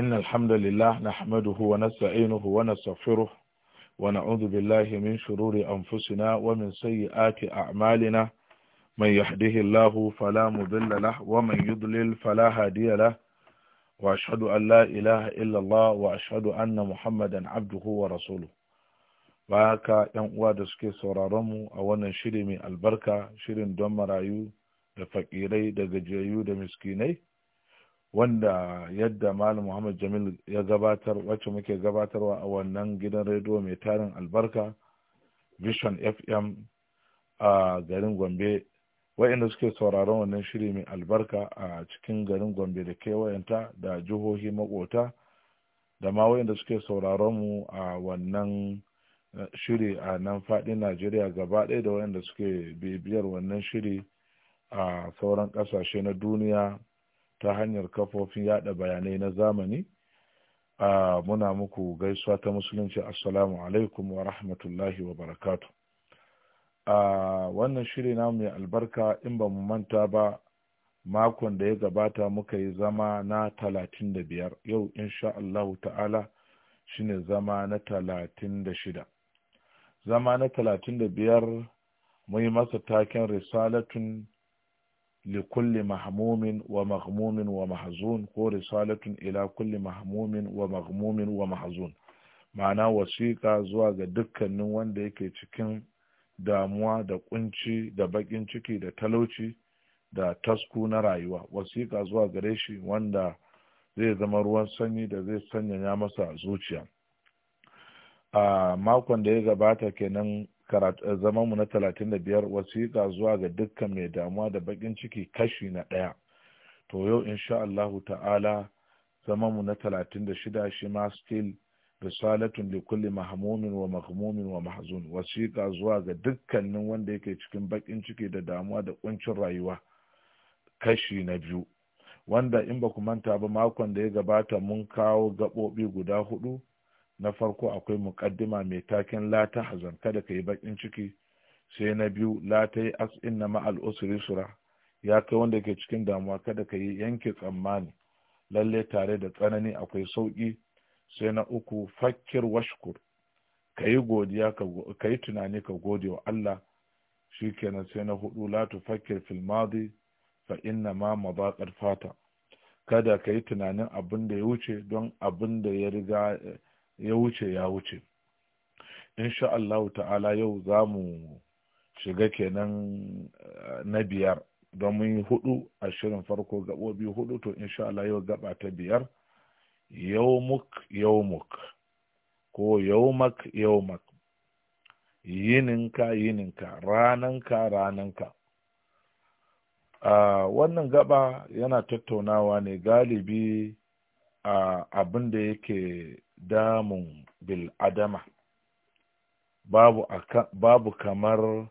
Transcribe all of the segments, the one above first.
إن الحمد لله نحمده ونستعينه ونستغفره ونعوذ بالله من شرور أنفسنا ومن سيئات أعمالنا من يهده الله فلا مضل له ومن يضلل فلا هادي له وأشهد أن لا إله إلا الله وأشهد أن محمدا عبده ورسوله baka yan uwa da suke sauraron mu a wannan shiri mai albarka shirin don marayu da fakirai da gajiyayyu da miskinai wanda yadda malam muhammad jamil ya gabatar wacce muke gabatarwa a wannan gidan rediyo mai tarin albarka vision fm a garin gombe wa'inda suke sauraron wannan shiri mai albarka a cikin garin gombe da kewayenta da jihohi makota da ma wa'inda suke sauraron mu a wannan eh, shiri a nan fadin najeriya gaba ɗaya da wa'inda suke bibiyar wannan shiri a sauran ƙasashe na duniya ta hanyar kafofin yada bayanai na zamani a muna muku gaisuwa ta musulunci assalamu alaikum wa rahmatullahi wa barakatu a wannan shiri na mai albarka in ba mu manta ba makon da ya gabata muka yi zama na talatin da biyar yau insha Allahu ta'ala shine zama na talatin da shida zama na talatin da biyar mu yi masa taken risalatun لكل محموم ومغموم ومحزون هو رسالة إلى كل محموم ومغموم ومحزون ma'ana wasiƙa zuwa ga dukkanin wanda yake cikin damuwa da kunci da baƙin ciki da talauci da tasku na rayuwa wasiƙa zuwa gareshi wanda zai zama ruwan sanyi da zai sanyaya masa zuciya a makon da ya gabata kenan Eh, zamanmu na 35 wasiƙa zuwa ga dukkan mai damuwa da bakin ciki kashi na ɗaya to yau insha Allahu ta'ala zamanmu na 36 shi ma still risalatun li kulli mahmumin wa mahmumin wa mahzun wasiƙa zuwa ga dukkanin wanda yake cikin bakin ciki da damuwa da kuncin rayuwa kashi na biyu wanda in ba ku manta ba makon da ya gabata mun kawo gaɓoɓi guda hudu na farko akwai mukaddima mai taken la ta hazan kada ka yi baƙin ciki sai na biyu la ta yi as inna ma usri sura ya kai wanda ke cikin damuwa kada ka yi yanke tsammani lalle tare da tsanani akwai sauƙi sai na uku fakir washkur ka yi godiya ka yi tunani ka gode wa Allah shikenan sai na hudu la fakir fil madi fa inna ma mabaqar fata kada ka yi tunanin abin da ya wuce don abin da ya riga ya wuce ya wuce insha Allah ta'ala yau za mu shiga kenan eh, na biyar don mun yi hudu a shirin farko gabobi hudu to insha Allah yau gaba ta biyar yaumuk yaumuk ko yaumak yaumak yininka yininka rananka rananka a wannan gaba yana tattaunawa ne galibi a abinda abin da yake damun bil'adama babu, babu kamar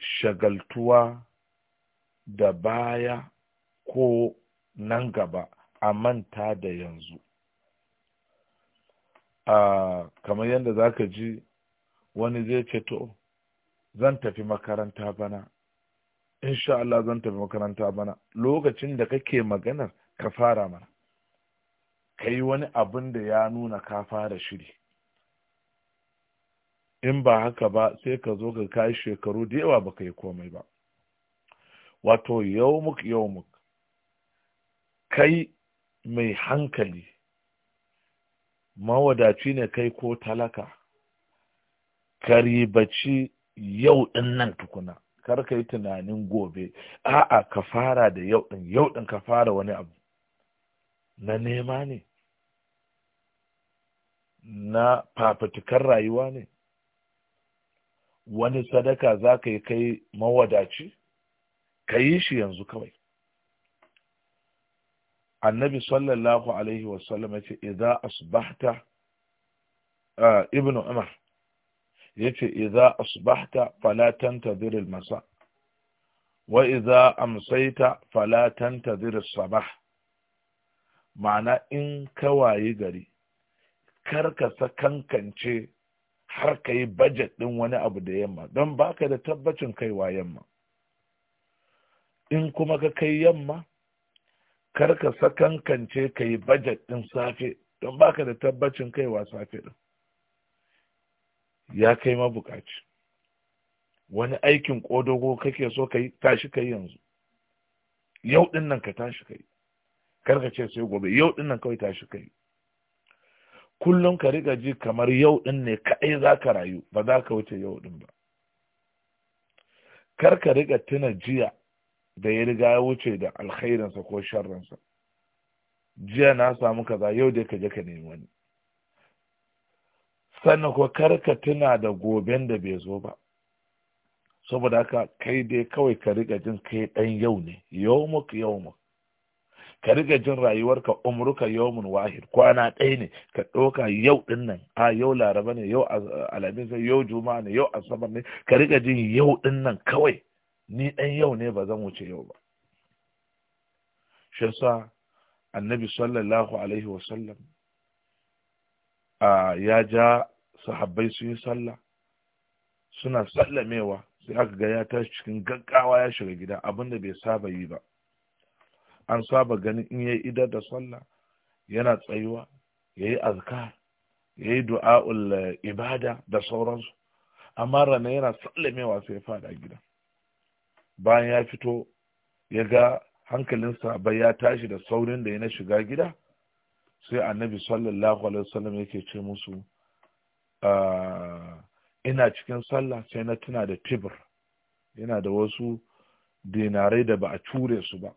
shagaltuwa da baya ko nan gaba a manta da yanzu a kamar yadda za ka ji wani zai ce to zan tafi makaranta bana insha Allah zan tafi makaranta bana lokacin da kake maganar ka fara mana ka yi wani abin da ya nuna ka fara shiri in ba haka ba sai ka zo ka kai shekaru da yawa baka yi komai ba wato yaumuk yaumuk kai mai hankali mawadaci ne kai ko talaka ka ribaci yau din nan tukuna kar ka yi tunanin gobe a'a ka fara da yau din. yau din ka fara wani abu na nema ne na fafatukar rayuwa ne wani sadaka za ka yi kai mawadaci ka yi shi yanzu kawai annabi sallallahu alaihi wasallam ya ce idza asbahta ibnu umar ya ce idza asbahta fala tantazir zirin masa wa idza amsayta fala tantazir as-sabah ma'ana in kawaye gari kar ka sakankance har ka yi bajet ɗin wani abu da yamma don baka da tabbacin kaiwa yamma in kuma ka kai yamma kar ka sakankance ka yi bajet ɗin safe don baka da tabbacin kaiwa safe ɗin ya kai mabukaci wani aikin ƙodogo kake so ka yi tashi ka yi yanzu yau ɗin nan ka tashi ka yi kar ce sai gobe yau ɗin nan kawai tashi ka yi kullum ka riga ji kamar yau ɗin ne kaɗai za ka rayu ba za ka wuce yau ɗin ba kar ka riga tuna jiya da ya riga ya wuce da alkhairinsa ko sharrinsa jiya na samu kaza yau dai ka je ka nemi wani sannan ko kar ka tuna da goben da bai zo ba saboda haka kai dai kawai ka riga jin kai ɗan yau ne yau muk yau muk ka riga jin rayuwarka umruka yawmun wahid kwana ɗaya ne ka ɗauka yau ɗin nan a yau laraba ne yau alhamis ne yau juma'a ne yau asabar ne ka riga jin yau ɗin kawai ni ɗan yau ne ba zan wuce yau ba shesa annabi sallallahu alaihi wa sallam ya ja sahabbai sun yi sallah suna sallamewa sai aka ga ya tashi cikin gaggawa ya shiga gida abinda bai saba yi ba an saba ganin in yayi idar da sallah yana tsayuwa yayi azkar yayi du'a'ul eh, ibada da sauransu amma rana yana sallamewa sai fada gida bayan ya fito ya ga hankalinsa bai ya tashi da saurin da ya na shiga gida sai annabi sallallahu alaihi wasallam yake ce musu ah, ina cikin sallah sai na tuna da tibir yana da wasu dinarai da ba a cure su ba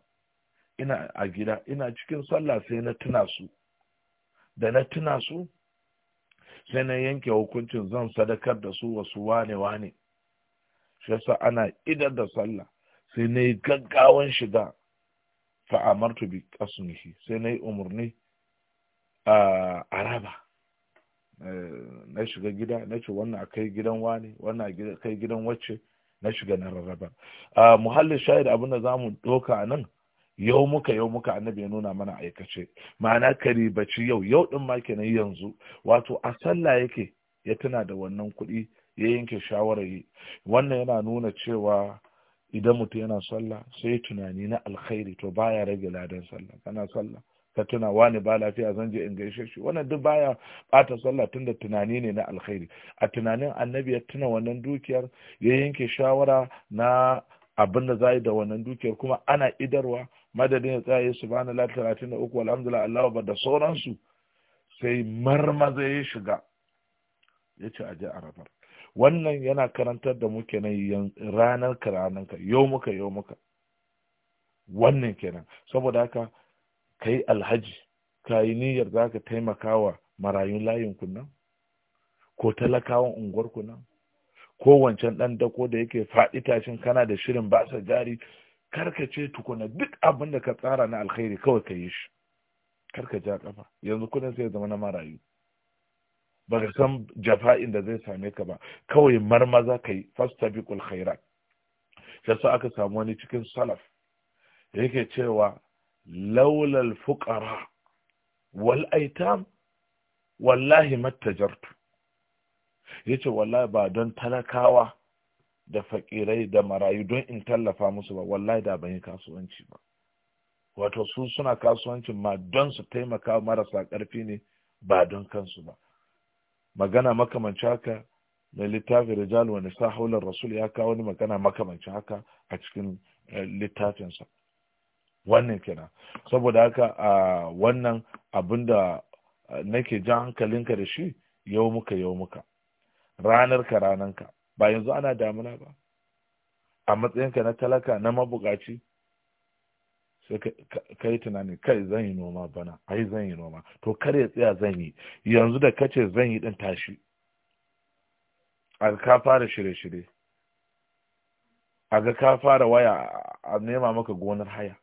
ina a gida ina cikin sallah sai na tuna su da na tuna su sai na yanke hukuncin zan sadakar da su wasu wane wane shi yasa ana idar da sallah sai na yi gaggawan shiga fa'amartu bi kasunihi sai na yi umarni a araba eh, na shiga gida na ce wannan a kai gidan wani wannan a kai gidan wacce na shiga na rarraba ah, muhallin shahid abin da za mu doka nan yau muka yau muka annabi ya nuna mana aikace ma'ana kari bacci yau yau din ma kenan yanzu wato a sallah yake ya tuna da wannan kuɗi ya yanke shawarar yi wannan yana nuna cewa idan mutum yana sallah sai tunani na alkhairi to baya rage ladan sallah kana sallah ka tuna wani ba lafiya zan je in gaishe shi wannan duk baya bata sallah tunda tunani ne na alkhairi a tunanin annabi ya tuna wannan dukiyar ya yanke shawara na abin da za da wannan dukiyar kuma ana idarwa madadin ya tsaya da 33 alhamdulillah Allahu ba da sauransu sai marmaza ya shiga ya ce aje rabar. wannan yana karantar da mu kenan ranar ka ranar ka yau muka yau muka wannan kenan saboda haka kai alhaji ka yi niyyar za ka taimaka wa marayun layin kunna, ko talakawan unguwar kunna, ko wancan ɗan dako da yake faɗi tashin kana da shirin ba sa jari karkace tukuna duk abin da ka tsara na alkhairi kawai ka yi shi karka ja kafa yanzu kudin sai zama na marayu ba ka san jafa'in da zai same ka ba kawai marmaza ka yi fastabiqul khairat sai aka samu wani cikin salaf yake cewa laulal fuqara wal aitam wallahi mattajartu yace wallahi ba don talakawa da fakirai da marayu don in tallafa musu ba wallahi da ban yi kasuwanci ba wato su suna kasuwancin ma don su taimaka marasa ƙarfi ne ba don kansu ba magana makamanci haka na littafi rijal wani sa haular rasul ya kawo wani magana makamanci haka a cikin eh, littafinsa wannan kenan saboda haka a wannan abin da eh, nake jan hankalinka da shi yau muka yau muka ranar ka ranar ka ba yanzu ana damuna ba a matsayinka na talaka na mabukaci sai ka yi tunani kai zan yi noma bana ai zan yi noma to kar ya tsaya zan yi yanzu da kace zan yi din tashi a ka fara shirye-shirye a ga ka fara waya a nema maka gonar haya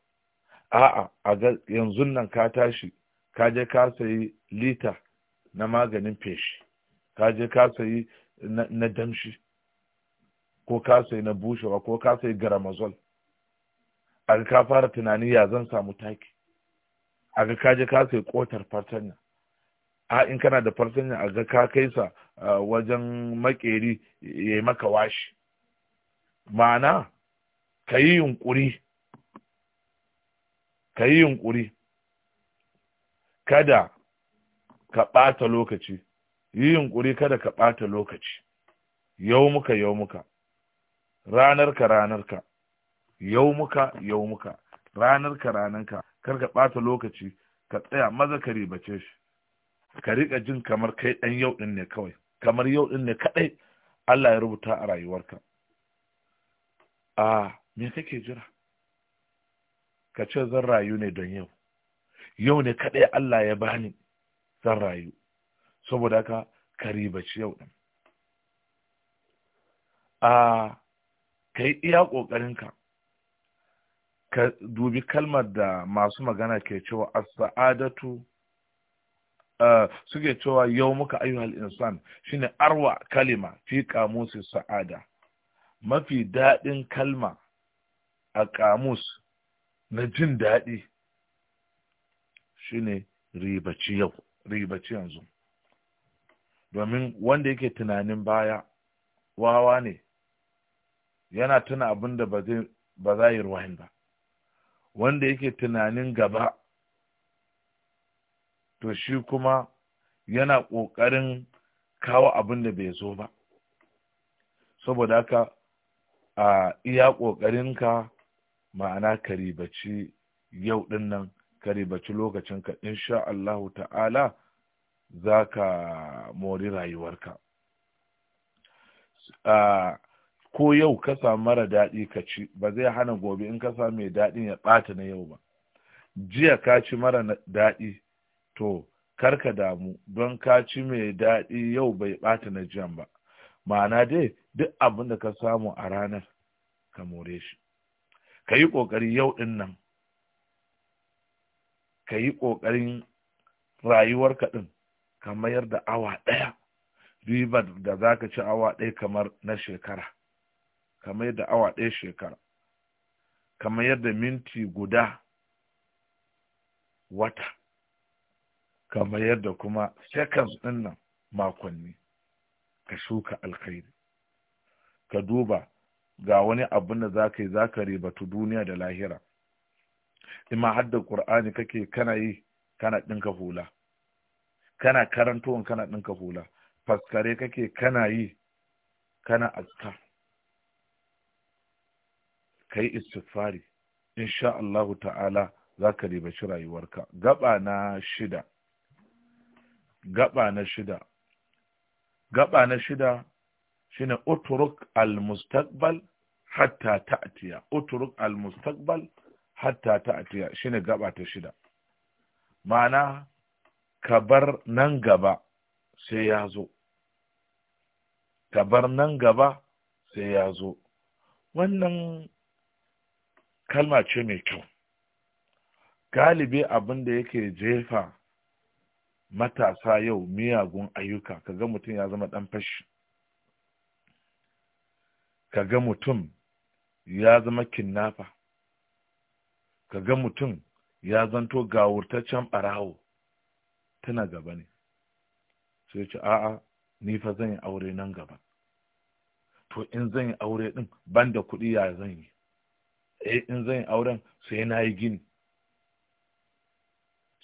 a'a a ga yanzu nan ka tashi ka je ka sayi lita na maganin feshi ka je ka sayi na damshi ko ka sai na bushewa ko ka sai garamazol a ka fara tunani ya zan samu taki a ga ka je ka sai kotar fartanya a in kana da fartanya a ga ka kai sa wajen makeri ya maka washi ma'ana ka yi yunkuri ka yi yunkuri kada ka ɓata lokaci yi yunkuri kada ka ɓata lokaci yau muka yau muka ranarka ranarka yaumuka yaumuka ranarka ranarka kar ka ɓata lokaci ka tsaya maza ka ribace shi ka riƙa jin kamar kai ɗan yau ɗin ne kawai kamar yau ɗin ne kaɗai Allah ya rubuta a rayuwarka a me kake jira ka ce zan rayu ne don yau yau ne kaɗai Allah ya bani zan rayu saboda ka ka ribaci yau ɗin a ka yi iya ƙoƙarinka ka dubi kalmar da masu magana ke cewa as-sa'adatu suke cewa yau muka ayyuhal insan shine arwa kalima fi kamusi sa'ada mafi daɗin kalma a kamus na jin daɗi shine ribaci yau ribaci yanzu domin wanda yake tunanin baya wawa ne yana tuna abin da ba za yi ruwan ba wanda yake tunanin gaba to shi kuma yana ƙoƙarin kawo abin da bai zo ba saboda haka a iya ƙoƙarinka ma'ana karibaci yau ɗin nan karibaci lokacinka insha Allahu ta'ala za ka mori rayuwarka ko yau ka samu mara daɗi ka ci ba zai hana gobe in ka samu mai daɗin ya ɓata na yau ba jiya ka ci mara daɗi to kar ka damu don ka ci mai daɗi yau bai ɓata na jiyan ba ma'ana dai duk abin da ka samu a ranar ka more shi ka yi ƙoƙari yau ɗin nan ka yi ƙoƙarin rayuwarka ɗin ka mayar da awa ɗaya ribar da za ka ci awa ɗaya kamar na shekara kamar yadda awa ɗaya shekara kamar yadda minti guda wata kamar yadda kuma seconds ɗin nan makonni ka shuka alkhairi ka duba ga wani abin da za ka yi za ka ribatu duniya da lahira ima hadda ƙur'ani kake kana yi kana ɗinka hula kana karantowan kana ɗinka hula faskare kake kana yi kana azkar ka yi istighfari insha Allahu ta'ala za ka ribaci rayuwarka gaba na shida gaba na shida gaba na shida shine uturuk al-mustaqbal hatta ta'tiya uturuk al-mustaqbal hatta ta'tiya shine gaba ta shida ma'ana ka bar nan gaba sai ya zo ka bar nan gaba sai ya zo wannan kalma ce mai kyau galibi abin da yake jefa matasa yau miyagun ayyuka kaga mutum ya zama ɗan fashi kaga mutum ya zama kinnafa kaga mutum ya zanto gawurtaccen ɓarawo tana gaba ne sai ce a'a ni fa zan yi aure nan gaba to in zan yi aure ɗin banda kuɗi ya zan yi eh in zan yi auren sai na yi gini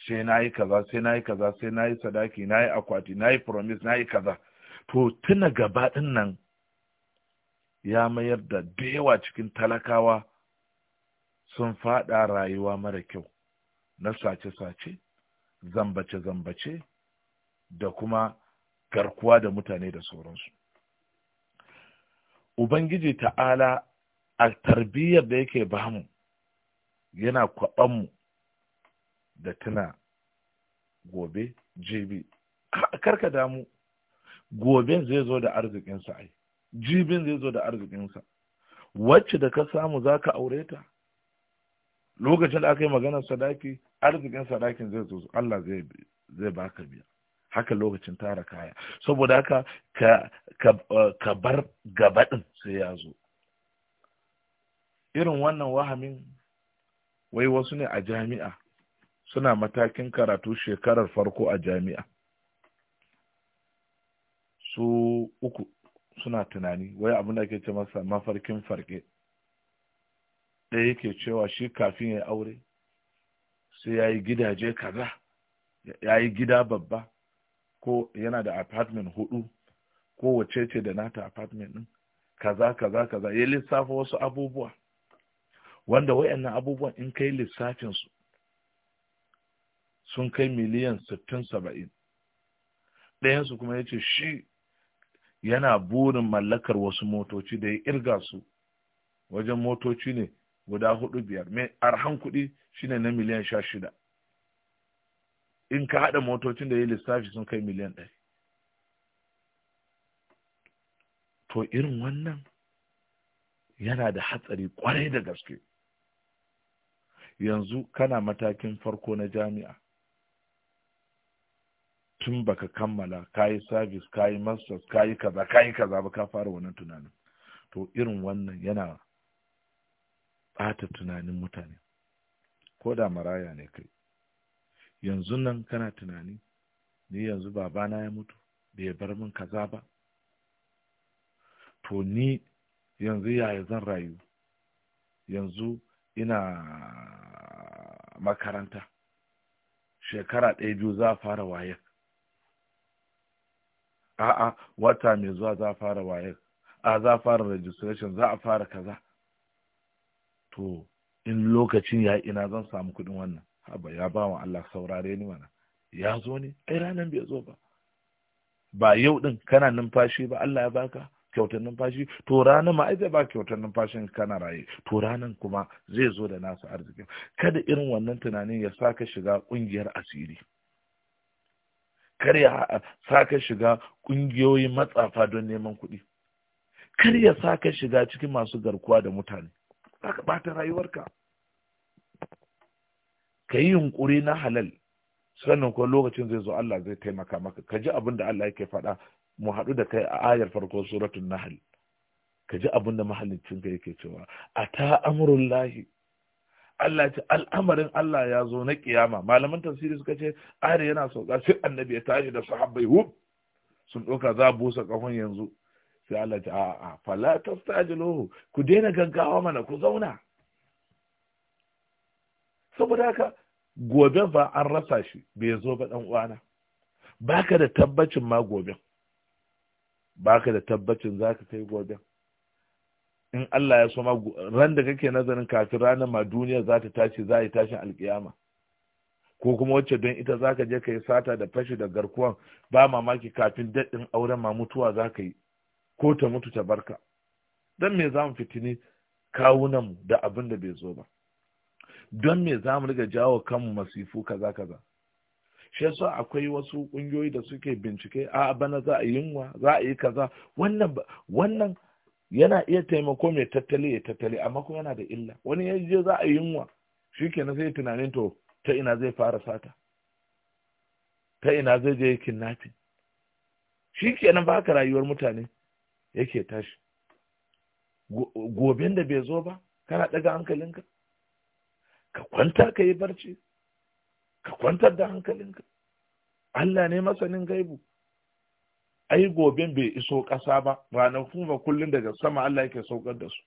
sai na yi kaza sai na yi kaza sai na yi sadaki na yi akwati na yi promise na yi kaza to tuna gaba din nan ya mayar da da cikin talakawa sun faɗa rayuwa mara kyau na sace-sace zambace-zambace da kuma garkuwa da mutane da sauransu ubangiji ta'ala a tarbiyyar da yake bamu yana kwaɓanmu da tuna gobe jibi karka damu goben zai zo da arzikinsa ai jibin zai zo da arzikinsa wacce da ka samu za ka aure ta lokacin da aka yi maganar sadaki arzikin sadakin zai zo Allah zai baka biya haka lokacin tara kaya saboda haka ka bar gabaɗin sai ya zo irin wannan wahamin wai wasu ne a jami'a suna matakin karatu shekarar farko a jami'a su uku suna tunani wai abin da ke ce masa mafarkin farke ɗaya yake cewa shi kafin ya aure sai ya yi gidaje kaza ya yi gida babba ko yana da apartment hudu ko wace da nata apartment ɗin kaza kaza kaza ya lissafa wasu abubuwa wanda wayannan abubuwan in kai lissafin su sun kai miliyan sittin saba'in ɗayansu kuma yace ce shi yana burin mallakar wasu motoci da ya irga su wajen motoci ne guda hudu biyar mai arhan kuɗi shine na miliyan sha shida in ka haɗa motocin da ya lissafi sun kai miliyan ɗari to irin wannan yana da hatsari kwarai da gaske yanzu kana matakin farko na jami'a tun baka kammala kayi sabis kayi masters kayi kaza kayi kaza ba ka fara wannan tunanin to irin wannan yana bata tunanin mutane ko da maraya ne kai yanzu nan kana tunani ni yanzu babana ya mutu bai bar min kaza ba to ni yanzu yaya zan rayu yanzu ina makaranta shekara ɗaya biyu za a fara wayar a'a wata mai zuwa za a fara wayar a za a fara registration za a fara kaza to in lokacin ya ina zan samu kuɗin wannan haba ya ba wa Allah saurare ni mana ya zo ne ai ranar bai zo ba ba yau din kana numfashi ba Allah ya baka kyautar numfashi to ranar ma zai ba kyautar numfashin kana raye to ranar kuma zai zo da nasu arzikin kada irin wannan tunanin ya saka ka shiga kungiyar asiri kar ya sa shiga kungiyoyi matsafa don neman kuɗi kar ya sa shiga cikin masu garkuwa da mutane za ka ɓata rayuwarka ka yi yunƙuri na halal sannan kuma lokacin zai zo Allah zai taimaka maka ka ji abin da Allah yake faɗa mu haɗu da kai a ayar farko suratun Nahal. ka ji abin da mahallicinka yake cewa a ta amurin lahi Allah ce al'amarin Allah ya zo na kiyama malaman tafsiri suka ce ayar yana sauka sai annabi ya tashi da sahabbai hu sun ɗauka za busa ƙahon yanzu sai Allah ce a'a fala tastajiluhu ku daina gaggawa mana ku zauna saboda haka gobe ba an rasa shi bai zo ba dan uwana baka da tabbacin ma goben baka da tabbacin za ka kai gobe in Allah ya so ran da kake nazarin kafin ranar ma duniya za ta tashi za yi tashin alkiyama ko kuma wacce don ita za ka je ka yi sata da fashi da garkuwan ba mamaki kafin daɗin auren ma mutuwa za ka yi ko ta mutu ta barka don me za mu fitini kawunanmu da abin da bai zo ba don me za mu riga jawo kanmu masifu kaza kaza shi yasa akwai wasu kungiyoyi da suke bincike a bana za a yunwa za a yi kaza wannan wannan yana iya taimako mai tattali ya tattali amma kuma yana da illa wani ya je za a yunwa shi na sai tunanin to ta ina zai fara sata ta ina zai je kidnapping shi kenan ba haka rayuwar mutane yake tashi goben da bai zo ba kana ɗaga hankalinka ka kwanta ka yi barci ka kwantar da hankalinka Allah ne masanin gaibu ai goben bai iso ƙasa ba ranakun ba kullum daga sama Allah yake saukar da su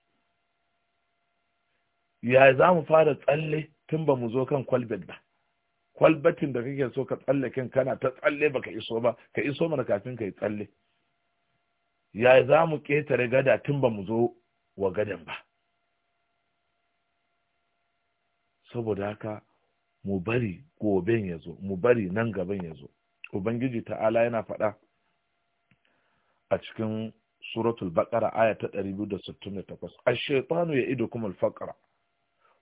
ya za mu fara tsalle tun ba mu zo kan kwalbet ba kwalbatin da kake so ka tsalle kin kana ta tsalle baka iso ba ka iso mana kafin ka yi tsalle ya za mu ƙetare gada tun ba mu zo wa gadan ba saboda haka mu bari goben ya zo mu bari nan gaban ya zo ubangiji ta'ala yana faɗa a cikin suratul baqara aya ta 268 ash-shaytanu ya'idukum al-faqra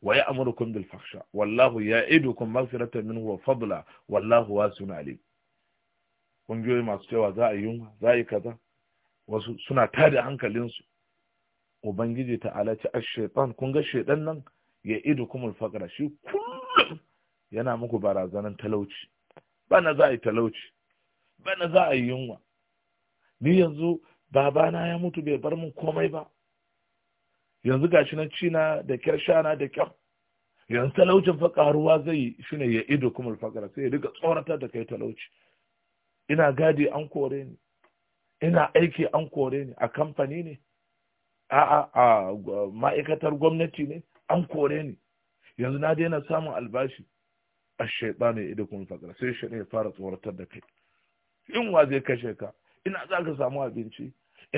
wa ya'murukum bil fahsha wallahu ya'idukum maghfiratan minhu wa fadla wallahu wasi'un alim kungiyoyi masu cewa za a yunwa za a yi kaza wasu suna tada hankalinsu ubangiji ta'ala ce ash-shaytan kun ga shaidan nan ya'idukum al-faqra shi kullum yana muku barazanan talauci bana za a yi talauci bana za a yi yunwa ni yanzu babana ya mutu bai bar mun komai ba yanzu gashi na cina da kyar shana da kyar yanzu talaucin fa karuwa zai yi shine ya ido kuma fakara sai ya riga tsoratar da kai talauci ina gadi an kore ni ina aiki an kore ni a kamfani ne a a ma'aikatar gwamnati ne an kore ni yanzu na daina samun albashi ash-shaytanu ya'idukum faqra sai ne ya fara tsoratar da kai in wa zai kashe ka ina za ka samu abinci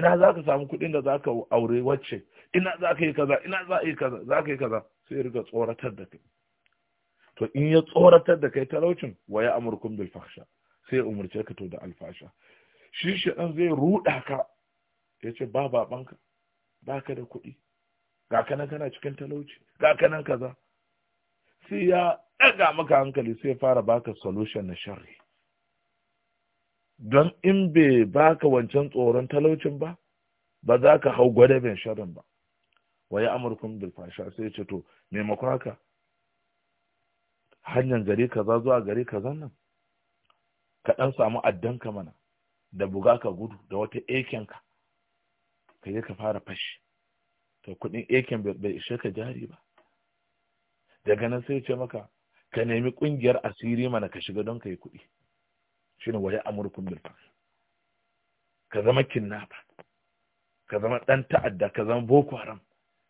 ina za ka samu kuɗin da za ka aure wacce ina za ka yi kaza ina za ka yi kaza za ka yi kaza sai ya riga tsoratar da kai to in ya tsoratar da kai talaucin wa ya amurkun bil fahsha sai ya umurce ka to da alfasha shi shi shaɗan zai ruɗa ka ya ce ba babanka ba ka da kuɗi ga kanan kana cikin talauci ga kanan kaza sai ya ɗaga maka hankali sai fara baka solution na sharri don in bai baka wancan tsoron talaucin ba ba za ka hau gwadabin sharrin ba waye amurkun bilfasha sai ce to maimakon haka hanyar gari kaza zuwa gari kaza nan ka ɗan samu addanka mana da buga ka gudu da wata ekenka ka je ka fara fashi to kuɗin eken bai ishe ka jari ba daga nan sai ce maka ka nemi kungiyar asiri mana ka shiga don ka yi kuɗi ne waje amurkun bilfas ka zama kinnafa ka zama ɗan ta'adda ka zama boko haram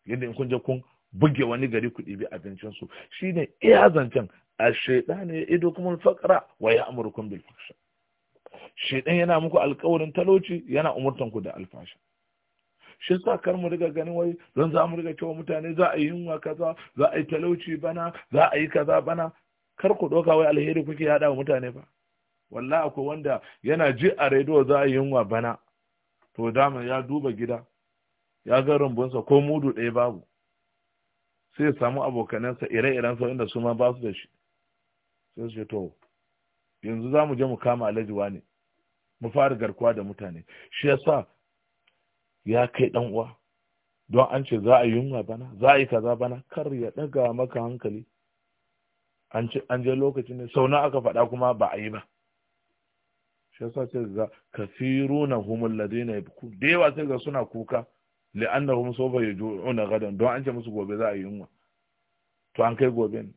yadda in kunje kun buge wani gari kuɗi, bi abincinsu ne iya zancen a ne ya ido kuma fakara waye amurkun bil shaiɗan yana muku alkawarin talauci yana umurtan ku da alfashin. shi sa kar mu riga ganin wai don za mu riga cewa mutane za a yi yunwa kaza za a yi talauci bana za a yi kaza bana kar ku ɗauka wai alheri kuke yaɗa wa mutane ba wallahi akwai wanda yana ji a rediyo za a yi yunwa bana to dama ya duba gida ya ga rumbunsa ko mudu ɗaya babu sai ya samu abokanansa ire iren sau, inda su ma ba su da shi sai su to yanzu za mu je mu kama alajiwa ne mu fara garkuwa da mutane shi yasa ya kai dan uwa don an ce za a yi yunwa bana za a yi kaza bana kar ya ɗaga maka hankali an ce an je lokacin ne sau aka faɗa kuma ba a yi ba shi yasa sai ga kafiruna humul ladina ku da yawa sai ga suna kuka li'annahum sawfa yaj'una Gadon. don an ce musu gobe za a yi yunwa to an kai gobe ne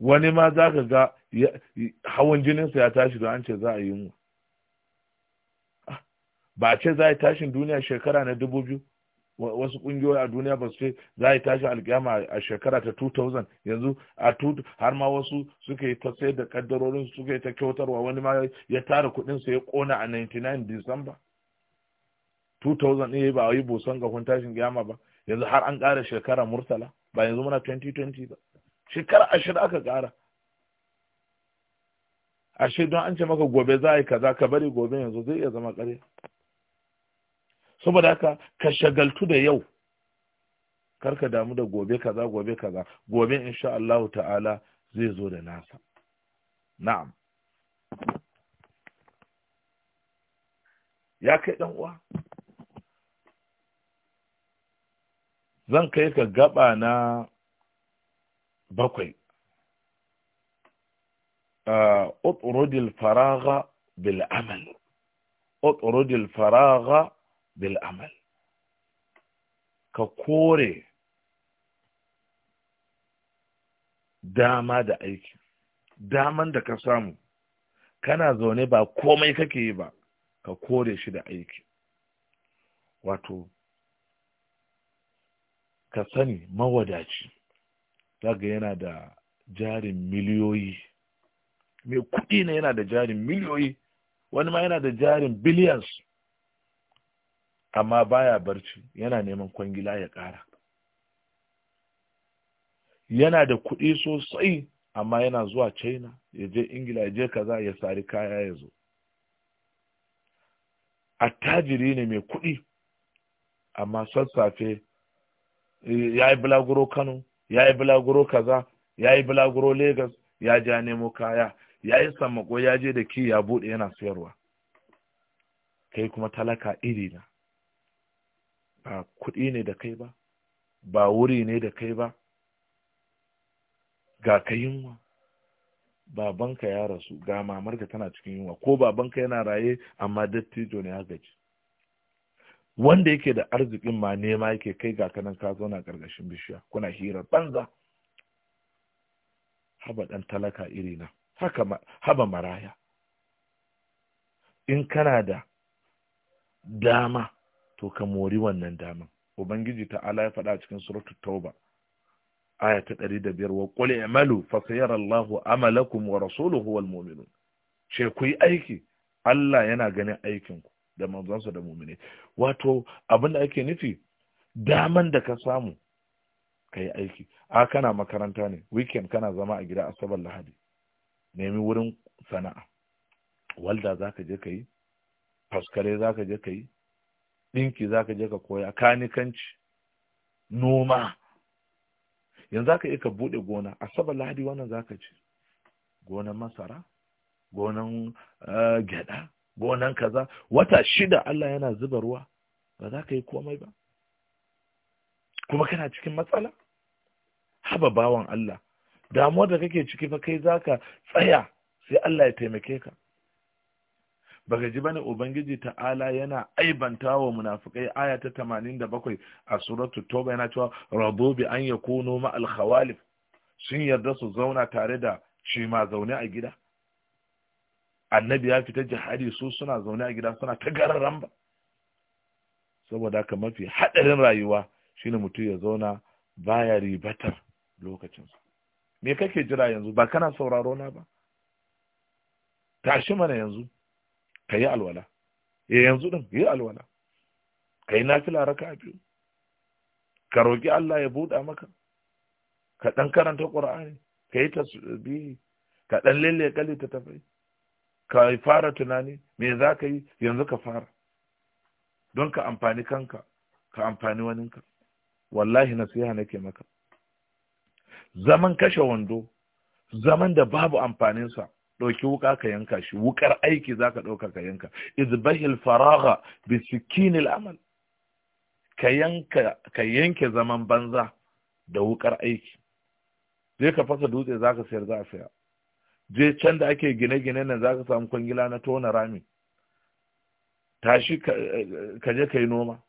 wani ma za ka ga hawan jininsa ya tashi don an ce za a yi yunwa ba ce za a yi tashin duniya shekara na dubu biyu wasu kungiyoyi a duniya ba su ce za a yi tashin alkiyama a shekara ta 2000 yanzu a har ma wasu suka yi ta sai da kaddarorin suka yi ta kyautarwa wani ma ya tara kudin sa ya kona a 99 disamba 2000 ne ba a yi boson gafin tashin kiyama ba yanzu har an ƙara shekara murtala ba yanzu muna 2020 ba shekara ashirin aka ƙara ashe don an ce maka gobe za a yi kaza ka bari gobe yanzu zai iya zama ƙarya saboda haka ka shagaltu da yau Kar ka damu da gobe kaza gobe kaza gobe insha Allah ta'ala zai zo da nasa na'am ya kai dan uwa zan kai ka gaba na bakwai ا uh, faragha bil amal اطرد faragha bil amal ka kore dama da aiki daman da ka samu kana zaune ba komai kake yi ba ka kore shi da aiki wato ka sani mawadaci daga yana da jarin miliyoyi mai kuɗi ne yana da jarin miliyoyi wani ma yana da jarin biliyans. amma baya barci yana neman kwangila ya ƙara yana da kuɗi sosai amma yana zuwa china ya je ingila ya je kaza ya sari kaya ya zo attajiri ne mai kuɗi amma sassafe eh, ya yi bulaguro kano ya yi bulaguro kaza ya yi bulaguro lagos ya ja nemo kaya ya yi sammako ya je da ki ya buɗe yana sayarwa kai kuma talaka iri na ba kuɗi ne da kai ba ba wuri ne da kai ba ga ka yunwa babanka ya rasu ga ka tana cikin yunwa ko babanka yana raye amma dattijo ne ya gaji wanda yake da arzikin ma nema yake kai ga ka kanan ka zauna ƙarƙashin bishiya kuna hirar banza haba ɗan talaka irina haka haba maraya in kana da dama to ka mori wannan daman ubangiji ta ta'ala ya faɗa cikin suratul tauba aya ta ɗari da biyar wa ƙuli amalu fa sayarallahu amalakum wa rasuluhu wal mu'minun ce ku yi aiki Allah yana ganin aikin ku da manzonsa da mu'mini wato abin da ake nufi daman da ka samu ka yi aiki a kana makaranta ne weekend kana zama a gida asabar lahadi nemi wurin sana'a walda za ka je ka yi faskare za ka je ka yi ɗinki za ka je ka koya kanikanci noma yanzu za ka iya ka buɗe gona asabar Ladi wannan za ka ci gonan masara gonan eh, gyaɗa gonan kaza wata shida Allah yana zuba ruwa ba za ka yi komai ba kuma kana cikin matsala haba bawan Allah damuwar da kake ciki fa kai za ka tsaya sai Allah ya taimake ka baka ji bane ubangiji ta'ala yana aibanta wa munafikai aya ta 87 a suratu toba yana cewa rabu bi an kuno ma alkhawalif sun yarda su zauna tare da shi ma zaune a gida annabi ya fita jihadi su suna zaune a gida suna ta gararan ba saboda ka mafi hadarin rayuwa shine mutum ya zauna baya ribatar lokacinsa me kake jira yanzu ba kana sauraro na ba tashi mana yanzu ka yi alwala ya eh, yanzu ɗin yi alwala ka yi nafila raka biyu ka roƙi Allah ya buɗa maka ka ɗan karanta ƙur'ani ka yi tasbihi ka ɗan lalle kalli ta tafai ka fara tunani me za ka yi yanzu ka fara don ka amfani kanka ka amfani waninka wallahi nasiha nake maka zaman kashe wando zaman da babu amfaninsa ɗauki wuka ka yanka shi wukar aiki za ka ɗauka ka yanka izbahil faraga bi sikinil amal ka yanka ka yanke zaman banza da wukar aiki je ka fasa dutse za ka sayar za a saya je can da ake gine-gine nan za ka samu kwangila na tona rami tashi ka je ka yi noma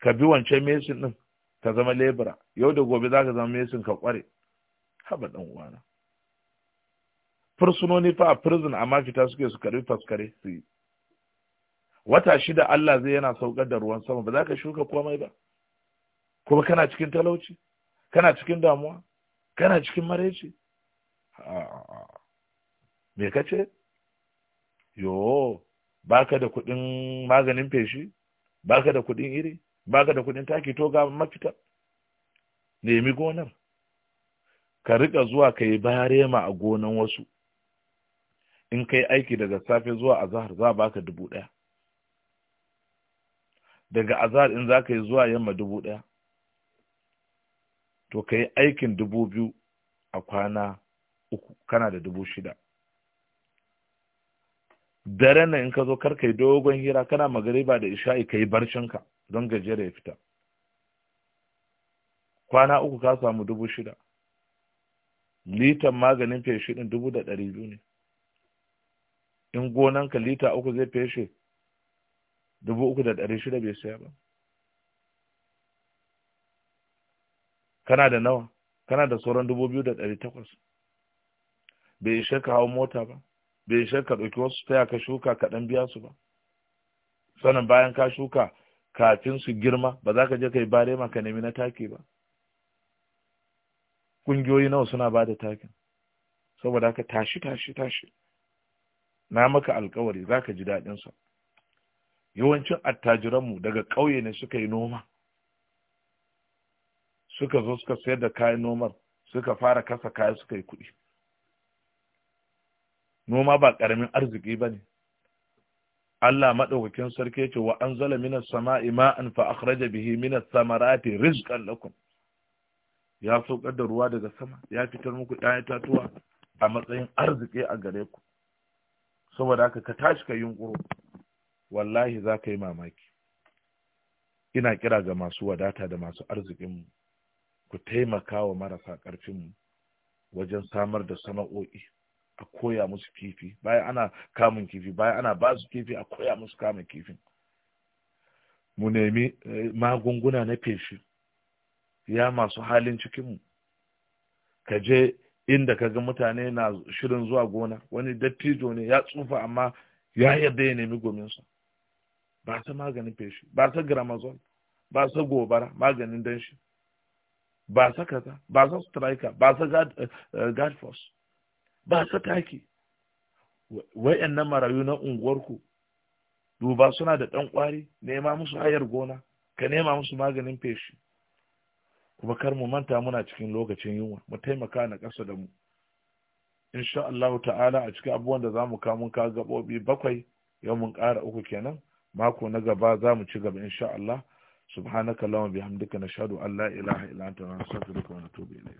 ka bi wancan mesin ɗin ka zama lebura yau da gobe za ka zama mesin ka kware haba ɗan uwana fursunoni fa a prison amma fita suke su karbi faskare su yi wata shida Allah zai yana saukar da ruwan sama ba za ka shuka komai ba kuma kana cikin talauci kana cikin damuwa kana cikin mareci me ka ce yo baka da kuɗin maganin feshi baka da kuɗin iri baka da kuɗin taki to ga mafita nemi gonar ka riƙa zuwa ka yi bayarema a gonan wasu in kai aiki daga safe zuwa azahar za baka dubu ɗaya daga azahar in za ka yi zuwa yamma dubu ɗaya to ka yi aikin dubu biyu a kwana uku kana da dubu shida dare nan in ka zo kar yi dogon hira kana magariba da isha'i ka yi barcinka don gajiyar ya fita kwana uku ka samu dubu shida litan maganin feshi ɗin dubu da ɗari biyu ne in gonanka lita uku zai feshe dubu uku da ɗari shida bai saya ba kana da nawa kana da sauran dubu biyu da ɗari takwas bai ishe ka hau mota ba bai ishe ka ɗauki wasu taya ka shuka kaɗan biya su ba sannan bayan ka shuka kafin su girma ba za ka je ka yi barema ka nemi na taki ba ƙungiyoyi nawa suna ba da takin saboda haka tashi tashi tashi na maka alkawari za ka ji daɗinsa yawancin attajiranmu daga ƙauye ne suka yi noma suka zo suka sayar da kayan nomar suka fara kasa kaya suka yi kuɗi noma ba ƙaramin arziki ba ne Allah maɗaukakin sarki ce wa an zala minas sama'i ma'an fa akhraja bihi minas samarati rizqan lakum ya saukar da ruwa daga sama ya fitar muku ɗaya tatuwa a matsayin arziki a gare ku saboda haka ka tashi ka yunkuro wallahi za ka yi mamaki ina kira ga masu wadata da masu arzikinmu ku taimaka wa marasa ƙarfinmu wajen samar da sana'o'i a koya musu kifi bayan ana kamun kifi bayan ana ba su kifi a koya musu kamun kifin mu nemi eh, magunguna na feshi ya masu halin cikinmu ka je inda kaga mutane na shirin zuwa gona wani dattijo ne ya tsufa amma ya yarda ya nemi gominsa ba sa maganin feshi ba sa gramazol ba sa gobara maganin danshi ba sa kaza ba sa striker ba sa eh, eh, guard force ba sa taki wayannan marayu na unguwarku duba suna da ɗan ƙwari nema musu hayar gona ka nema musu maganin feshi kuma kar mu manta muna cikin lokacin yunwa mu taimaka na ƙasa da mu insha Allah ta'ala a cikin abubuwan da zamu ka mun ka gabobi bakwai yau mun ƙara uku kenan mako na gaba za mu ci gaba insha Allah subhanaka allahumma bihamdika nashhadu an la ilaha illa anta nastaghfiruka wa natubu ilayk